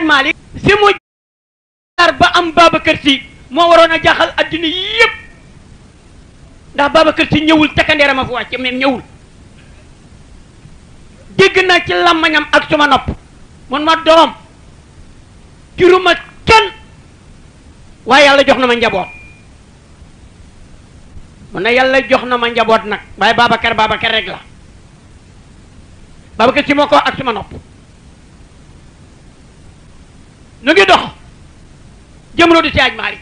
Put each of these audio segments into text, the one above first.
Hadj Malik si mu jaar ba am Babacar Sy moo waroon a jaaxal adduna yépp ndax Babacar Sy ñewul takkandeeram ma fu wacc même ñewul dégg na ci lamagnam ak suma nop mon ma doom juruma ken wa yalla jox na ma njabot mon na yalla jox na ma njaboot nag waaye Babacar Babacar rek la Babacar ak suma nop nu ngi dox jëmloo di siyaaj maari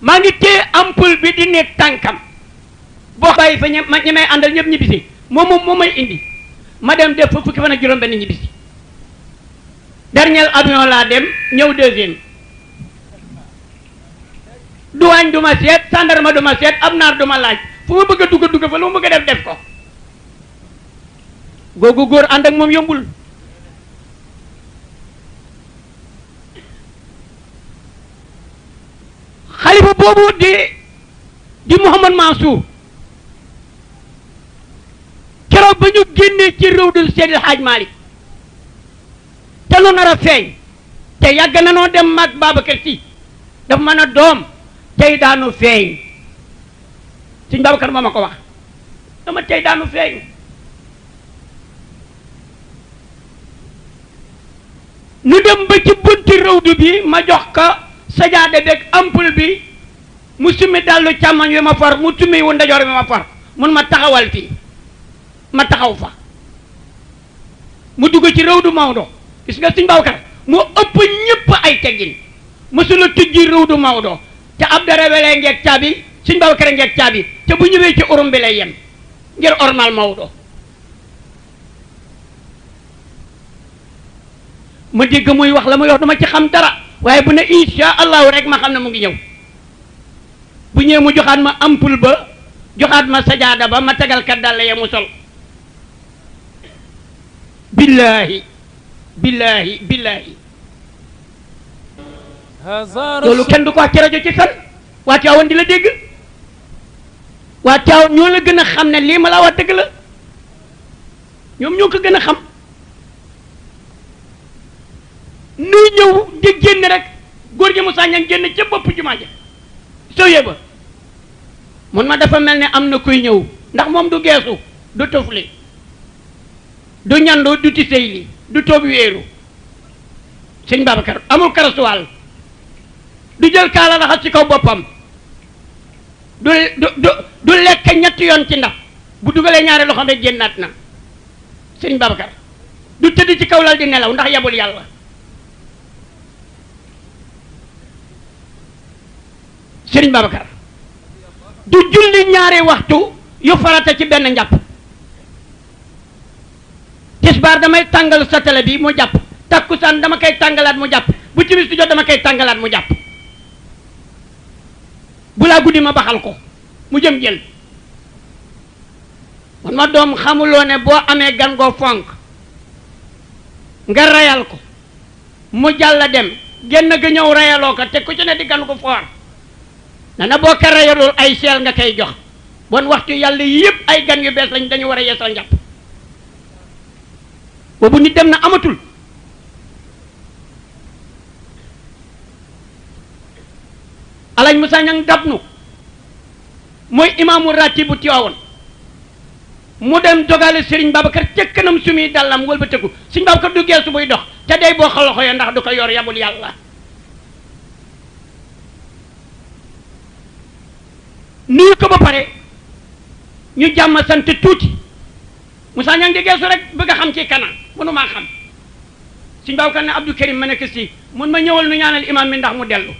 maa ngi te ampul bi di ne tànkam boo bàyyi fa ña ñi ànd àndal ñëpp ñibbisi moom moom moom may indi ma dem def fa fukki fan ak juróom benn ñibbisi dernier avion laa dem ñëw deuxième duwaañ du ma seet sandarma du seet ab naar du laaj fu ma bëgg a dugg dugg fa lu ma bëgg a def def ko googu góor ànd ak moom yombul boobu di di Mouhamad Mansour keroog ba ñu génnee ci réew dul Seydil Hadj te lu nar a feeñ te yàgg na noo dem mag Babacar Si dafa mën a doom tey daanu feeñ suñ Babacar moo ma ko wax dama tey daanu feeñ nu dem ba ci bunti réew bi ma jox ko sajaada beeg ampoule bi mu summi dàllu càmmoñ wi ma for mu summi wu ndajoor bi ma for mun ma taxawal fii ma taxaw fa mu dugg ci réew du Maodo gis nga suñ Babacar mu ëpp ñëpp ay teggin mësula tujji réew du Maodo te ab dara welee ngeeg caabi suñ Babacar ngeeg caabi te bu ñëwee ci urum bi lay yem ngir ormal Maodo ma dégg muy wax la muy wax ma ci xam dara waaye bu ne insha allahu rek ma xam ne mu ngi ñëw bu ñëwee mu joxaat ma ampul ba joxaat ma sajaada ba ma tegal kat dàll ya mu sol billaahi billaahi billaahi loolu kenn du ko wax ci rajo ci fen waa Tiwaawan di la dégg waa Tiwaawan ñoo la gën a xam ne lii ma la wax dëgg la ñoom ñoo ko gën a xam nuy ñëw di génn rek góor gi mu sàññan génn ca bopp jumaa ja sëwee ba mun ma dafa mel ne am na kuy ñëw ndax moom du geesu du tufli du ñandoo du tisey li du toob wéeru sëñ Babacar amul karasuwaal du jël kaala raxas ci kaw boppam du du du lekk ñetti yoon ci ndax bu dugalee ñaari loxoom rek génnaat na sëñ Babacar du tëdd ci kaw lal di nelaw ndax yabul yàlla sëñ Babacar du julli ñaari waxtu yu farata ci benn njàpp tisbaar damay tàngal sa télé bi mu jàpp takkusaan dama koy tàngalaat mu jàpp bu timis jot dama koy tàngalaat mu jàpp bu laa guddi ma baxal ko mu jëm jël man ma doom xamuloo ne boo amee gan goo fonk nga rayal ko mu jàll dem génn ga ñëw rayaloo ko te ku ci ne di gan ko foor nana boo ko rayalul ay seel nga kay jox bon waxtu yalla yeb ay gan yu bes lañ dañu wara yeesal ñap bo bu nit na amatul alañ musa ñang dabnu moy imaamu ratibu tiwaawoon mu dem dogale serigne babakar ci kanam sumi dalam wolbe teggu serigne babakar du geesu buy dox ca day bo xal xoy ndax du ko yor yamul yalla nuyu ko ba pare ñu jàmm sant tuuti Moussa ñaa ngi geesu rek bëgg a xam ci kana mënu maa xam si mbaaw kan ne Abdou Karim ma nekk si mun ma ñëwal nu ñaanal imaam mi ndax mu dellu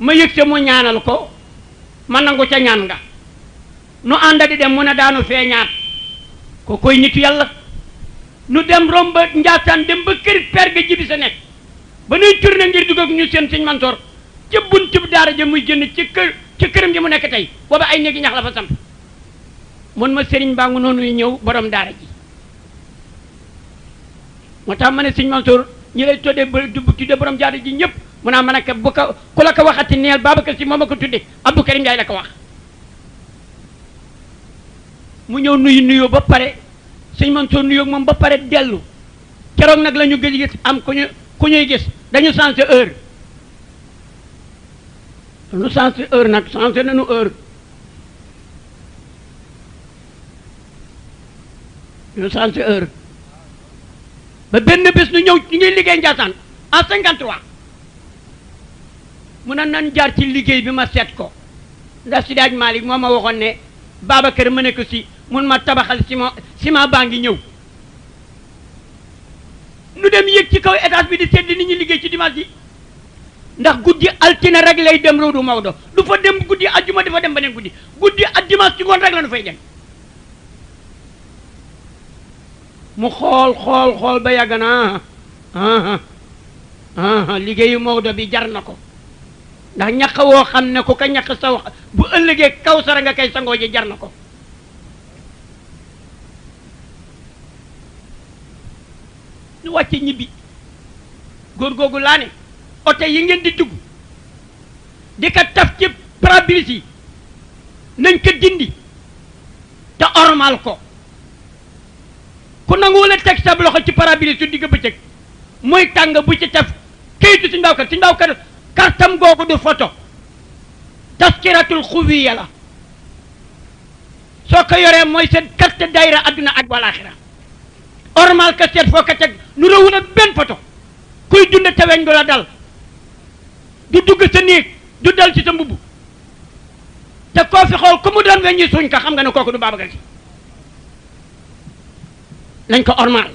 ma yëg te mu ñaanal ko ma nangu ca ñaan nga nu ànd di dem mu ne daanu feeñaat ko koy nitu yàlla nu dem romb Njaasaan dem ba kër per ga jibi sa nekk ba nuy na ngir dugg ak ñu seen Sëñ Mansoor ca buntub daara ja muy génn ci kër ci këram gi mu nekk tey booba ay néegi ñax la fa samp mën ma sëriñ baa noonu noonuy ñëw borom daara ji moo tax ma ne sëriñ Mansour ñi lay tuddee tuddee borom daara ji ñëpp mu naa man a bu ko ku la ko waxati neel Babacar Sy moom a ko tuddee Abdou Karim Ndiaye la ko wax mu ñëw nuyu nuyoo ba pare sëñ Mansour nuyoo moom ba pare dellu keroog nag la ñu gëj am ku ñu ku ñuy gis dañu changé heure lu sensé heure nag sensé nañu heure lu sensé heure ba benn bés nu ñëw ñu ngi liggéey Ndiassane en 53 mu ne nan jaar ci liggéey bi ma seet ko ndax si daaj Malick moo ma waxoon ne Babacar ma ne si mun ma tabaxal ciment ciment baa ngi ñëw nu dem yéeg ci kaw étage bi di seet li ni ñi liggéey ci dimanche bi ndax guddi altina rek lay dem rodu mawdo du fa dem guddi aljuma dafa dem benen guddi guddi aljuma ci ngoon rek lañu fay dem mu xol xol xol ba ha ha ah, ah, ah, ligey mawdo bi jar nako ndax ñaka wo xamne ko ka ñaq saw bu ëllegé kaw sara nga kay sango ji jar nako ñu wàcce ñibi gor gogu laani oto yi ngeen di dugg di ko taf ci pare-brise yi nañ ko dindi te ormal ko ku nanguwul teg sa loxo ci pare-brise su digg bëccëg muy tàng bu ci taf kayitu si ndaw kat si ndaw kat kartam googu du photo taskiratul xuwiya la soo ko yoree mooy seen carte dayra adduna ak walaaxira ormal ka seet foo ko teg nu rawul benn photo kuy dund te weñ du la dal du dugg sa néeg du dal ci sa mbubb te koo fi xool ku mu doon weñ ñi suñ ka xam nga ne kooku du Babacar Sy lañ ko ormal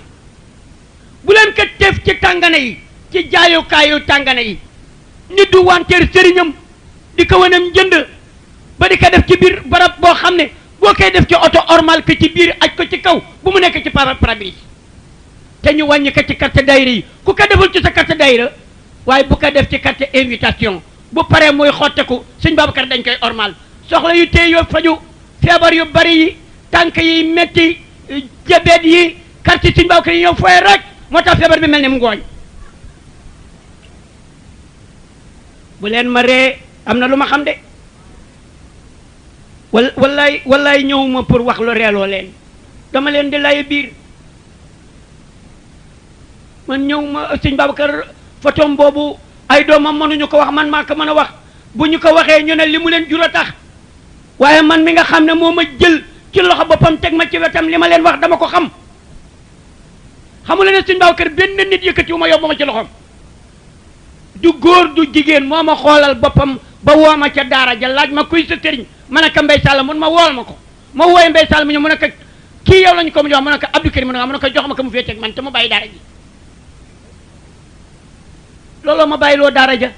bu leen ko teef ci tàngana yi ci jaayukaayu tàngana yi nit du wanteer sëriñam di ko waneem njënd ba di ko def ci biir barab boo xam ne boo koy def ci oto ormal ko ci biir aj ko ci kaw bu mu nekk ci parapluie te ñu wàññi ko ci carte daayira yi ku ko deful ci sa carte daayira waaye bu ko def ci carte invitation bu paree muy xotteku sëñ Babacar dañ koy ormal soxla yu téye yoo faju feebar yu bari yi tànk yi métti jabet yi carte sëñ Babacar yi ñëw fooy rek moo tax feebar bi mel ni mu ngooñ bu leen ma ree am na lu ma xam de wal wallaay wallaay ñëwuma pour wax lu reeloo leen dama leen di laye biir man ñëwuma sëñ Babacar fotom bobu ay doomam mënuñu ko wax man ma ko mëna wax bu ñu ko waxee ñu ne limu leen jura tax waye man mi nga xam moma ma jël ci loxo bopam tek ma ci wetam lima leen wax dama ko xam xamu leen ne suñ baaw kër benn nit yëkëti uma ma ci loxom du goor du jigen moma xolal bopam ba woo ca dara ja laaj ma kuy sa sëriñ ka ne ko mbay mun ma wol mako ma mbay mu ñu mëna ka ki yow lañ ko mu jox abdou karim mëna ka jox ma mu ak man te mu bàyyi dara ji looloo ma bàyyiloo dara ja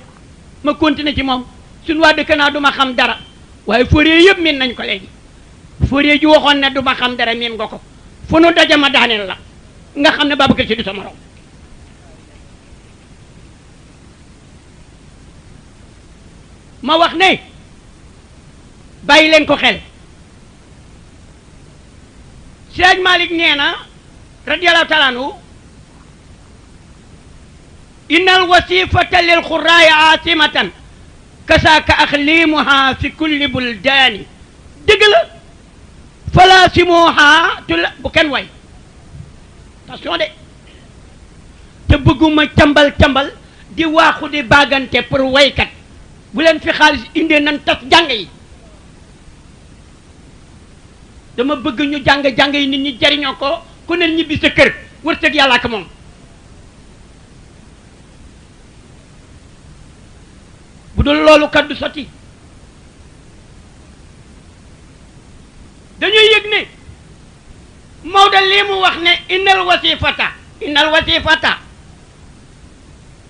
ma continuer ci moom suñu waa dëkk naa du ma xam dara waaye fóoree yëpp miin nañ ko léegi fóoree ji waxoon ne du ma xam dara miin nga ko fu nu daje ma daaneel la nga xam ne Babacar Sy du sa ma wax ne bàyyi leen ko xel Sëriñ Malick nee na radiyallahu taala anhu innal wasifata lil xuraayi aasimatan kasaaka axliimuha fi kulli buldaani dëgg la falaasimuha tu bu kenn way attention de te bëgguma cambal cambal di waaxu di baagante pour waykat bu leen fi xaalis indee nan tas jàng yi dama bëgg ñu jàng jàng yi nit ñi jariñoo ko ku ne ñibbi sa kër wërsëg yàlla ak moom bu dul loolu kat du sotti dañuy yëg ne Maodo lii mu wax ne innal wasifata innal wasifata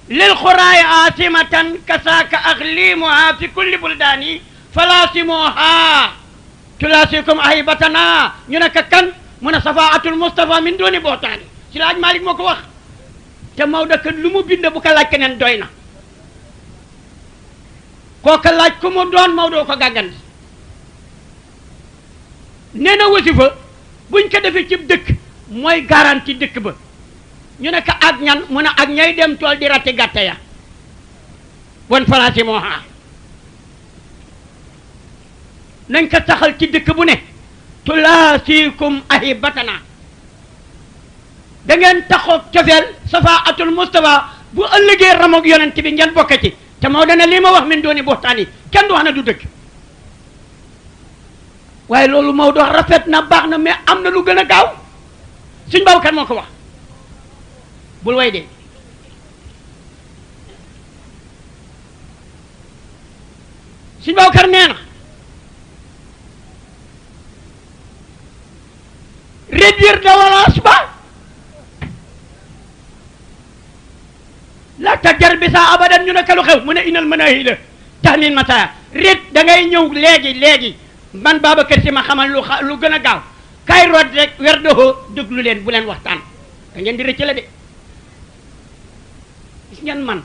lil xuraay aasimatan kasaaka ak liimuha fi kulli buldaani falaasimoha tulaasikum ahibatana ñu ne ka kan mu ne safaatul Moustapha min dooni bootaani lu mu bind bu ko laaj keneen doy kooka laaj ku mu doon Maodo ko gàggandi nee na wasifa buñ ko defee ci dëkk mooy ci dëkk ba ñu ne ko ak ñan mu ne ak ñay dem tool di ratti gàtte ya bon faraasi moo xaar nañ ko taxal ci dëkk bu ne tulaasikum ahi batana da ngeen taxoog cofeel safa atul mustafa bu ëllëgee ramoog yonent bi ngeen bokk ci te Maodo ne lii ma wax min dooni buxtaan kenn du wax na du dëgg waaye loolu Maodo wax rafet na baax na mais am na lu gën a gaaw suñ baaw kan moo ko wax bul way de suñ baaw kar nee na réduire de l'olance ba la tajar bi saa abadan ñu ne kalu xew mu ne inal manahi la tax nin mata rit da ngay ñëw léegi léegi man Babacar Si ma xamal lu xa lu gën a gaaw kaay root rek wer doxoo déglu leen bu leen waxtaan da ngeen di rëcc la de gis ngeen man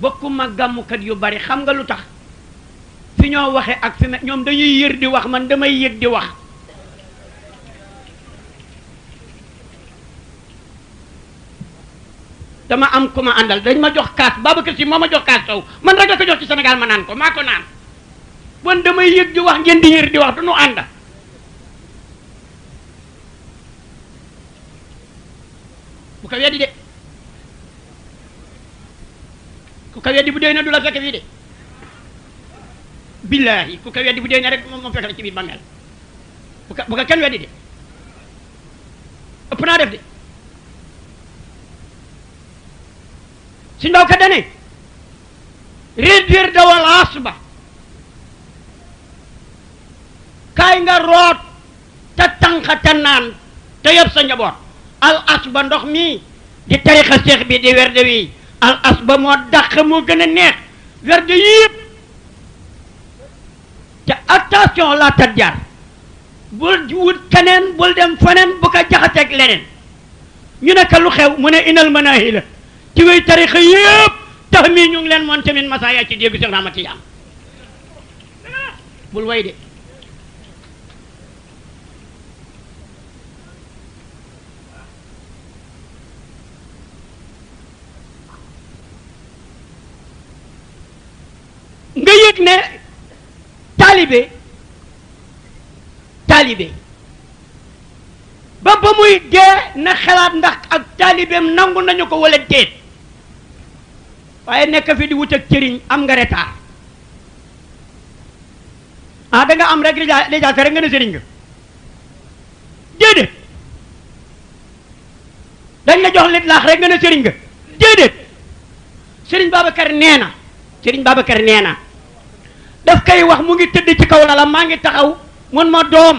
bokkuma gàmmukat yu bari xam nga lu tax fi ñoo waxe ak fi ma ñoom dañuy yër di wax man damay yëg di wax dama am ku ma àndal dañ ma jox kaas Babacar Si moo ma jox kaas sow man rek la ko jox ci Sénégal ma naan ko maa ko bon damay yëg di wax ngeen di yër di wax du nu ànd bu ko weddi de ku ko weddi bu dee na du la fekk fii de billahi ku ko weddi bu dee na rek moom fekk ci biir bàmmeel bu ko bu ko de ëpp naa def de ci ndaw ka dane réduire de walaas ba kaay nga root te tànqa te naan te yëpp sa njaboot al ba ndox mi di tarixa seex bi di werde wi al ba moo dàq moo gën a neex werde yëpp te attention laa tat jaar bul wut keneen bul dem feneen bu ko jaxateeg leneen ñu ne lu xew mu ne inal manaahi la ci wéy tarixa yëpp tax mii ñu ngi leen moon tamit masaaya ci dégg Cheikh Ahmad Tidiane bul way de nga yëg ne taalibe taalibe ba ba muy dee na xalaat ndax ak taalibeem nangu nañu ko wala déet waaye nekk fi di wut ak cëriñ am nga retard ah am rek déjà déjà rek nga ne sëriñ nga déedéet la jox lit laax rek nga ne sëriñ nga sëriñ Babacar nee na sëriñ Babacar nee na daf koy wax mu ngi tëdd ci kaw lalam maa ngi taxaw mun ma doom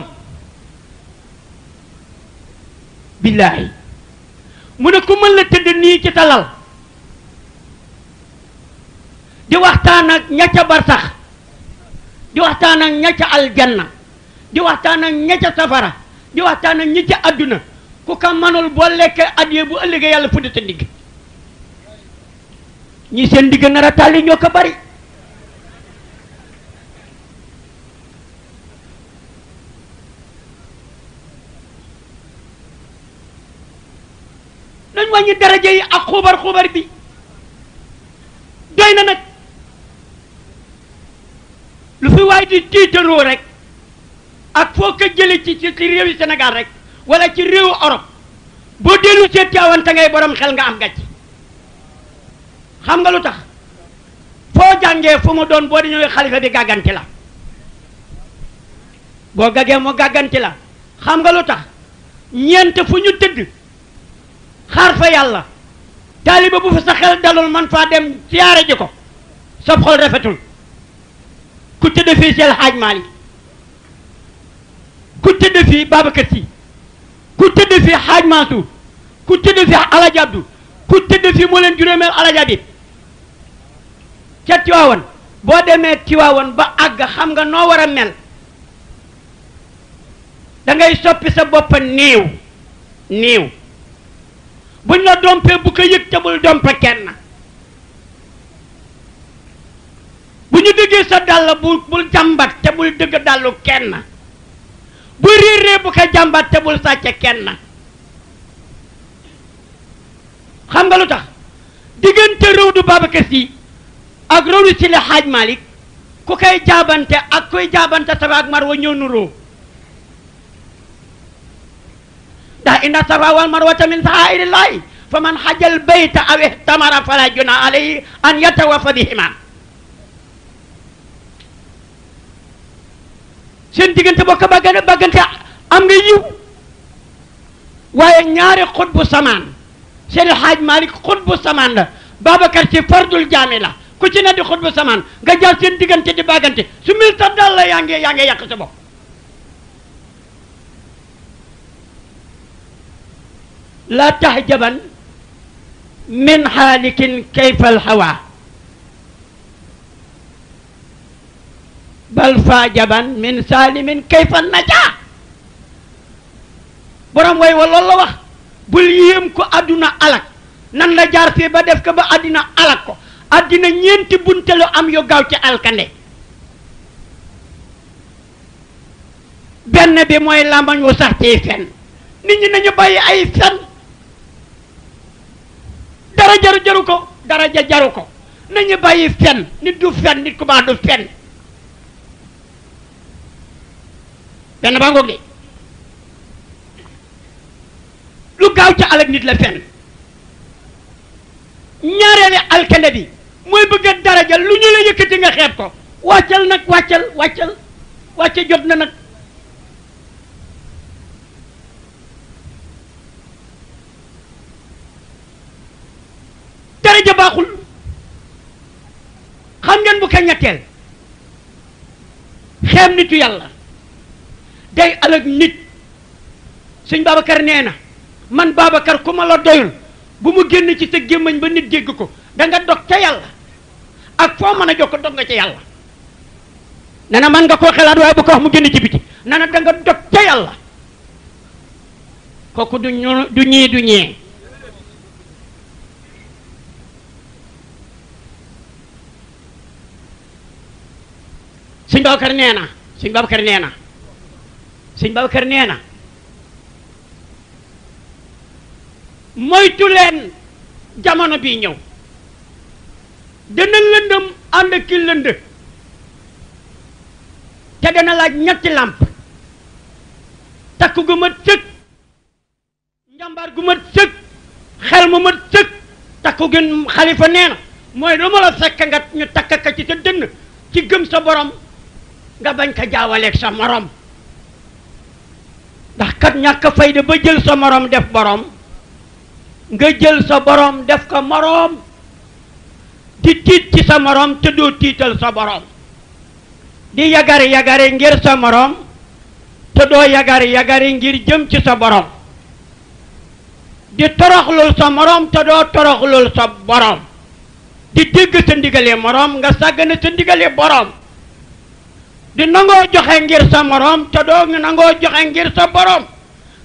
billaahi mu ne ku mën la tëdd nii ci talal di waxtaan ak ña ca barsax di waxtaan ak ña ca aljanna di waxtaan ak ña ca safara di waxtaan ak ñi ca adduna ku ko mënul boo lekkee addiyee bu ëllëgee yàlla fudd ndigg ñi seen ndigg nar a tàlli ñoo ko bari dañ wàññi daraja yi ak xubar xubar bi doy na nag lu waay di tiitanoo rek ak foo ko jële ci ci réewi Sénégal rek wala ci réewu Europe boo dellu see Tiwaawan te ngay borom xel nga am gàcc xam nga lu tax foo jàngee fu mu doon boo di xalifa bi gàgganti la boo gagee mu gàgganti la xam nga lu tax ñeent fu ñu tëdd xaar fa yàlla taaliba bu fa sa xel dalul man faa dem siyaare ji ko sob xol rafetul ku tëdd fii Seydi El Hadji Malick ku tëdd fii Babacar Sy ku tëdd fii Hadj Mansour ku tëdd fii Alaaji Abdu ku tëdd fii moo leen juróomeel Alaaji ca Tiwaawan boo demee Tiwaawan ba àgg xam nga noo war a mel da ngay soppi sa bopp néew néew buñ la dompee bu ko yëg te bul dompe kenn bu ñu déggee sa dàll bu bul jàmbat te bul dëgg dàllu kenn bu réeree bu ko jàmbat te bul sàcc kenn xam nga lu tax diggante Rawdu Babacar Sy ak Rawdu Seydi Hadji Malick ku koy jaabante ak kuy jaabante Safa ak Marwa ñoo nuroo ndax inna Safa wal Marwata min shaa'irillaahi fa man hajjal bayta aw ihtamara fala junaaha alayhi an yatawaffa bihimaa seen diggante bokk bàggane bàggante am nga yiw waaye ñaari xutbu samaan seen xaaj Malik xutbu samaan la Babacar ci fardul la ku ci ne di xutbu samaan nga jaar seen diggante di bàggante su mil tax daal yaa ngi yaa ngi yàq sa bopp laa tax jaban min xaalikin kayfal hawa bal faajaban min saalimin kayfa najaa borom way wa la wax bul yéem ko àdduna alak nan la jaar fii ba def ko ba àddina alak ko àddina ñeenti bunte lu am yu gaaw ci alkande benn bi mooy làmbañ wu sax ci fen nit ñi nañu bàyyi ay fen dara jaru jaru ko dara ja jaru ko nañu bàyyi fen nit du fen nit ku baax du fen benn baa ngoog de lu gaaw ca alak nit la fenn ñaareele alkande mooy bëgg a daraja lu ñu la yëkkati nga xeeb ko wàccal nag wàccal wàcce jot na nag daraja baaxul xam ngeen bu ko ñetteel xeeb nitu yàlla day alag nit sëñ babakar neena man babakar kuma la doyul bu mu genn ci te gémmañ ba nit deg ko da nga dok ca yalla ak fo meuna a jokk dok nga ca yalla nana man nga ko xelat way bu ko wax mu genn ci biti nana da nga dok ca yalla koku du ñu du ñi du ñee sëñ babakar neena na babakar neena sëñ Babacar nee na moytu leen jamono bii ñëw dana lëndëm ànd ki lënd te dana ñetti làmp takk gu mat sëkk njàmbaar gu mat sëkk xel mu mat sëkk takku xalifa nee na mooy lu ma la nga ñu takk ka ci sa dënn ci gëm sa borom nga bañ ko jaawaleeg sa morom ndax kat ñàkk fayda ba jël sa moroom def boroom nga jël sa boroom def ko moroom di tiit ci sa moroom te doo tiital sa boroom di yagari yagari ngir sa moroom te doo yagari yagari ngir jëm ci sa boroom di toroxlul sa moroom te doo toroxlul sa boroom di dégg sa ndigalee moroom nga sàggane sa ndigalee boroom di nango joxe ngir sa morom ca do nga nango joxe ngir sa borom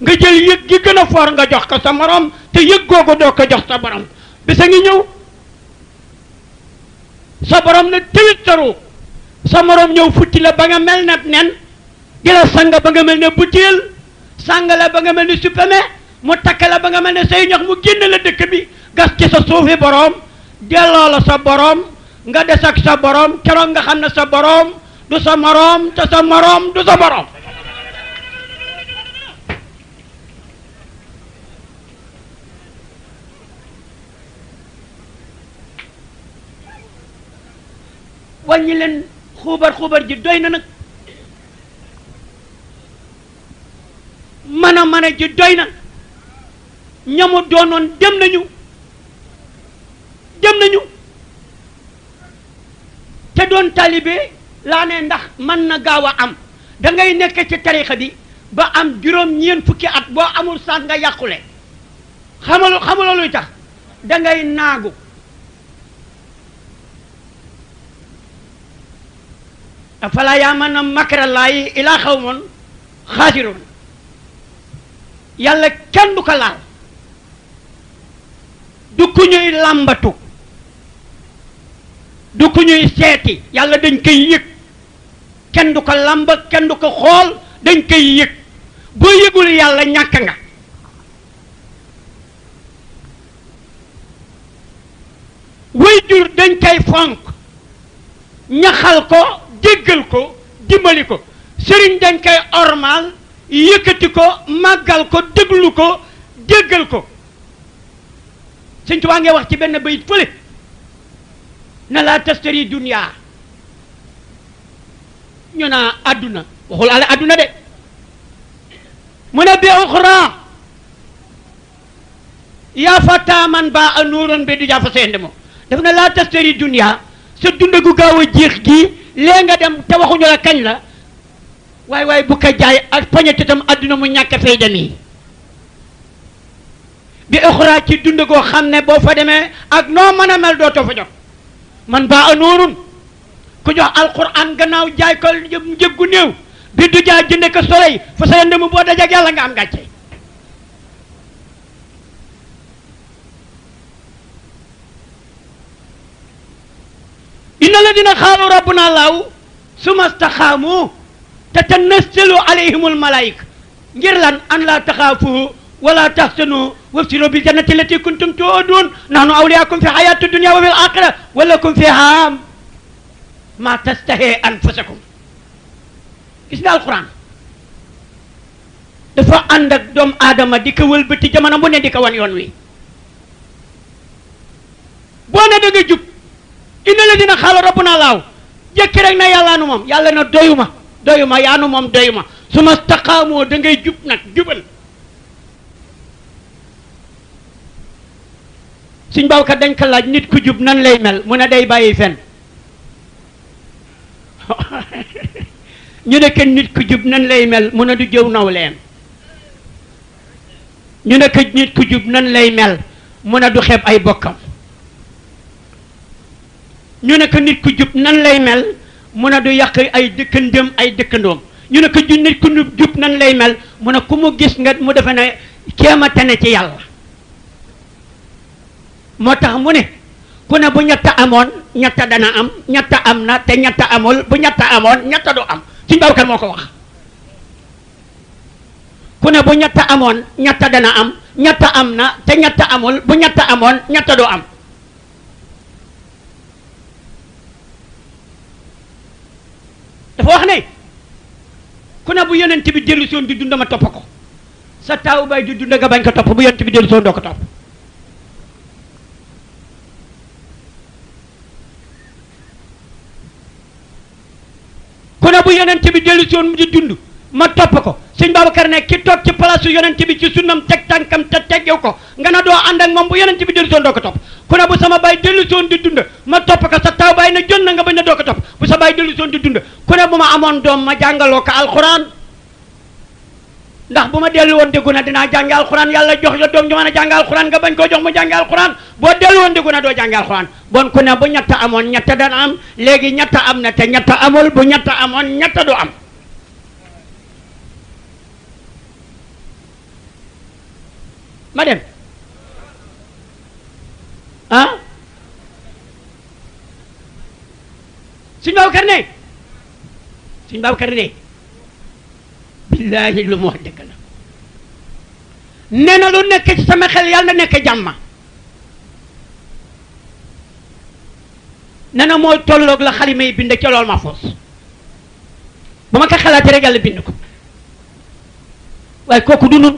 nga jël yeg gi gëna for nga jox ko sa morom te yeg gogo do ko jox sa borom bisa ngi ñew sa borom na taru sa morom ñew futti la ba nga mel nat nen di la sang ba nga mel ne butil sang la ba nga mel ne suppame mu takka la ba nga mel ne say ñox mu genn la dekk bi gas ci sa suufi borom delloo la sa borom nga des ak sa borom kéro nga sa borom du sa moroom te sa moroom du sa moroom wàññi leen xuubar xuubar ji doy na nag mën a ji doy na ñamu doonoon dem nañu dem nañu te doon taalibe laa ne ndax mën na gaaw a am da ngay ci tarixa bi ba am juróom-ñeent fukki at boo amul sax nga yàqule xamal xamaloo luy tax da ngay naagu afala yaamana makrallaahi ilaa xawmoon xaasiroon yàlla kenn du ko laal du ku ñuy làmbatu du ku ñuy seeti yàlla dañ koy yëg kenn du ko làmb kenn du ko xool dañ koy yëg boo yëgul yàlla ñàkk nga waajur dañ koy fonk ñaxal ko jéggal ko dimbali ko sëriñ dañ koy ormaal yëkkati ko màggal ko déglu ko jéggal ko Sëñ waa ngay wax ci benn bayit fële na laa tastari dunia ñu na àdduna waxul ala adduna de mu ne bi uxra yaa fata man ba a nuuran bi du jaa fa seende mo daf na laa tastari dunia sa dund gaaw a jeex gi lee nga dem te waxuñu la kañ la waaye waaye bu ko jaay ak poñet itam adduna mu ñàkk fay demee bi uxra ci dund goo xam ne boo fa demee ak noo mën a mel dootoo fa jot man ba nuurun ku jox alquran gannaaw jaay ko jeggu new bi du jaay jinde ko soley fa sa yende mu dajja ak yalla nga am gatché inna ladina rabbuna laaw sumastakhamu tatanassalu alayhimul malaik ngir lan an la takhafu ولا تحسنوا وابشروا بالجنة التي كنتم تؤدون نحن أولياءكم في حياة الدنيا وفي الآخرة ولكم فيها ما تستهي أنفسكم كيف القرآن دفع عندك دوم آدم ديك ولبت جمانا بني ديك وان يونوي بونا دوغ جوب إن الذين خالوا ربنا الله يكرك نا يالا نمام يالا نا دويما دويما يانو مام دويما ثم استقاموا دنجي جوب نك جوبل suñ bawkat dañ ko laaj nit ku jub nan lay mel mu a day bàyyi fen ñu ne ko nit ku jub nan lay mel mu ne du jëw nawleem ñu ne ko nit ku jub nan lay mel mu a du xeeb ay bokkam ñu nekk nit ku jub nan lay mel mu a du yàq ay dëkkandëm ay dëkkandoom ñu nekk ko nit ku jub nan lay mel mu ne ku mu gis nga mu defe ne kéema tene ci yàlla moo tax mu ne ku ne bu ñett amoon ñett dana am ñetta am na te ñetta amul bu ñett amoon ñetta am suñu Babacar moo ko wax ku ne amoon ñetta dana am ñett am na te ñetta amul bu ñett amoon ñetta du am dafa wax ne ku ne bu yonent bi dellu soon di dund ma topp ko sa taawu baay di dund nga bañ ko topp bu yonent bi dellu soon doo ko topp ku ne bu yeneen bi dellu si woon mu di dund ma topp ko sëñ Babacar ne ki toog ci place su yonent bi ci sunnam teg tànkam te teggew ko nga ne doo ànd ak moom bu yonent bi dellu si woon ko topp ku sama baay dellu si woon di dund ma topp ko sa taw baay na jot na nga bañ na doo ko topp bu sa baay dellu woon di dund ku ne bu ma amoon doom ma jàngaloo ko alxuraan ndax bu ma dellu woon déggu na dinaa jàngi alxuraan yàlla jox la doom ju mën a jàngi alxuraan nga bañ koo jox mu jàngi alxuraan boo dellu woon déggu na doo jàngi alxuraan bon ku ne bu ñett amoon ñett dana am léegi ñett am na te ñett amul bu ñett amoon ñett du am ma dem ah suñ Babacar ne suñ Babacar ne billaahi lu mu wax dëgg lu nekk sama xel yàlla na nekk jàmma nee na mooy tolloog la xalima yi bind ca loolu ma foos ba ma ko xalaatee rek yàlla bind ko waaye kooku du nun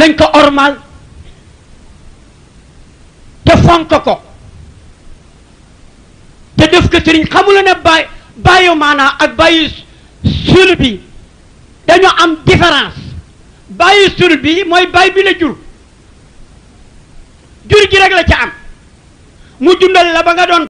nañ ko ormal te fonk ko te def ko sëriñ xamula ne bàyyi bàyyi maanaa ak bàyyi sul bi dañu am différence bàyyi sul bi mooy bàyyi bi la jur jur gi rek la ca am mu dundal la ba nga doon